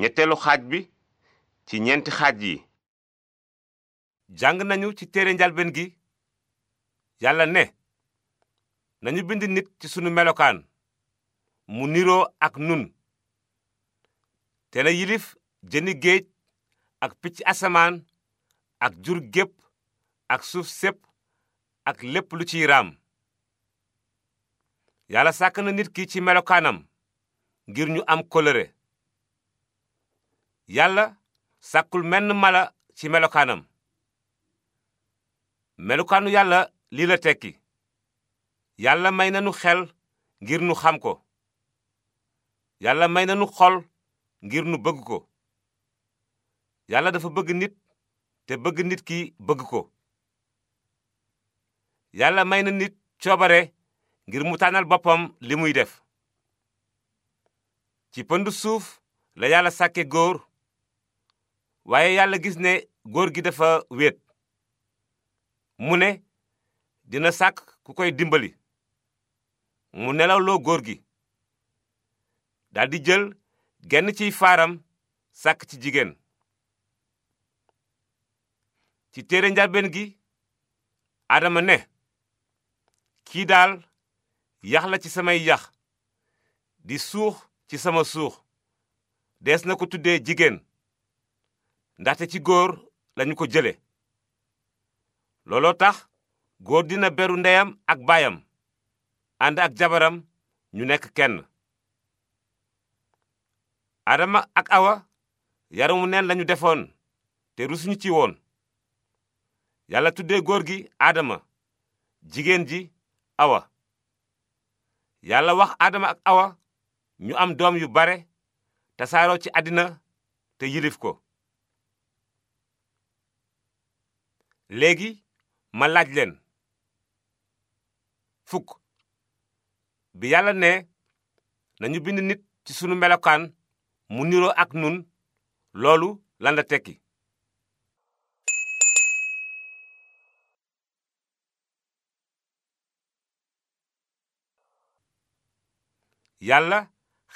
ñetteelu xaaj bi ci ñeenti xaaj yi jàng nañu ci téere njalbeen gi yàlla ne nañu bind nit ci sunu melokaan mu niroo ak nun te na yilif jëni géej ak picc asamaan ak jur gépp ak suuf sépp ak lépp lu ci raam yàlla sàkk na nit ki ci melokaanam ngir ñu am kóllëre yàlla sàkkul menn mala ci melokaanam melokaanu yàlla lii la tekki yàlla may na nanu xel ngir nu xam ko yàlla may na nanu xol ngir nu bëgg ko yàlla dafa bëgg nit te bëgg nit ki bëgg ko yàlla may na nit coobare ngir mu tànnal boppam li muy def ci pënd suuf la yàlla sàkke góor waaye yàlla gis ne góor gi dafa wéet mu ne dina sàkk ku koy dimbali mu nelaw loo góor gi daldi jël genn ciy faaram sàkk ci jigéen ci téere njàlbeen gi adama ne kii daal yax la ci samay yax di suux ci sama suux dees na ko tuddee jigéen ndaxte ci góor lañu ko jële looloo tax góor dina beru ndeyam ak baayam ànd ak jabaram ñu nekk kenn adama ak awa yaramu neen lañu defoon te rusuñu ci woon yàlla tuddee góor gi adama jigéen ji awa yàlla wax adama ak awa ñu am doom yu bare tasaaroo ci àddina te yilif ko léegi ma laaj leen fukk bi yàlla ne nañu bind nit ci sunu melokaan mu niroo ak nun loolu lan la tekki yàlla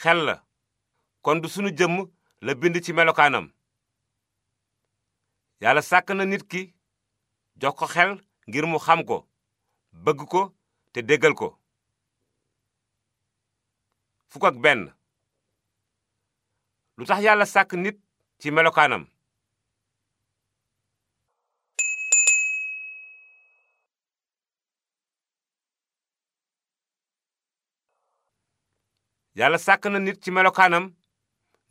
xel la kon du sunu jëmm la bind ci melokaanam yàlla sàkk na nit ki jox ko xel ngir mu xam ko bëgg ko te déggal ko fukk ak benn lu tax yàlla sàkk nit ci melokaanam yàlla sàkk na nit ci melokaanam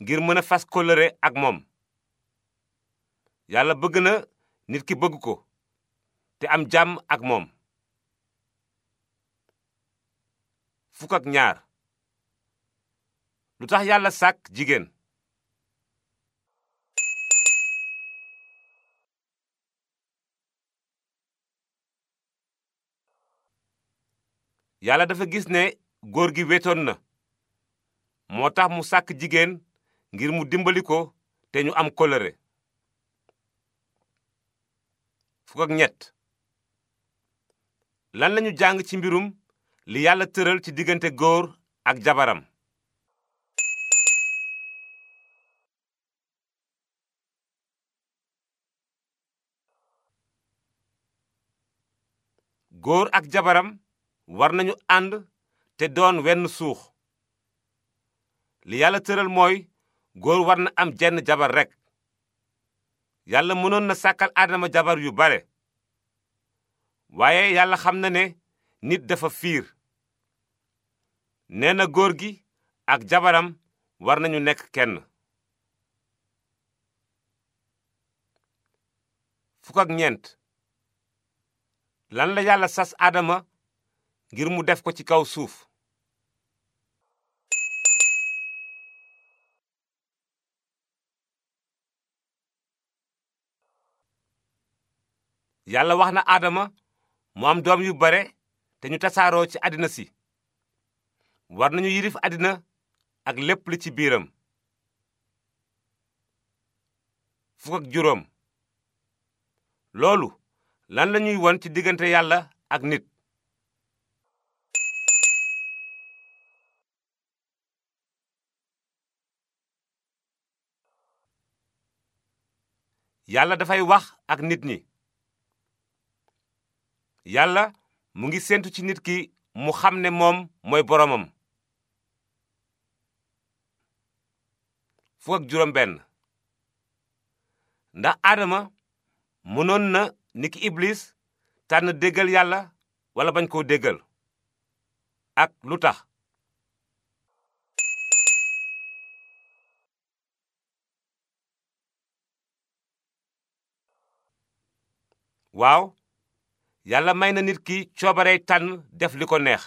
ngir mën a fas kóllëre ak moom yàlla bëgg na nit ki bëgg ko te am jàmm ak moom fukk ak ñaar lu tax yàlla sàkk jigéen yàlla dafa gis ne góor gi wetoon na moo tax mu sàkk jigéen ngir mu dimbali ko te ñu am kóllëre fukk ak ñett lan lañu jàng ci mbirum li yàlla tëral ci diggante góor ak jabaram góor ak jabaram war nañu ànd te doon wenn suux li yàlla tëral mooy góor war na am jenn jabar rekk yàlla mënoon na sàkkal aadama jabar yu bare waaye yàlla xam na ne nit dafa fiir nee na góor gi ak jabaram war nañu nekk kenn fukk ak ñeent lan la yàlla sas aadama ngir mu def ko ci kaw suuf yàlla wax na aadama mu am doom yu bare te ñu tasaaroo ci àddina si war nañu yilif àddina ak lépp li ci biiram fukk juróom loolu lan lañuy won ci diggante yàlla ak nit yàlla dafay wax ak nit ñi yàlla mu ngi séentu ci nit ki mu xam ne moom mooy boroomam fukk ndax aadama mënoon na niki iblis tànn déggal yàlla wala bañ koo déggal ak lu tax waaw yàlla may na nit ki coobarey tànn def li ko neex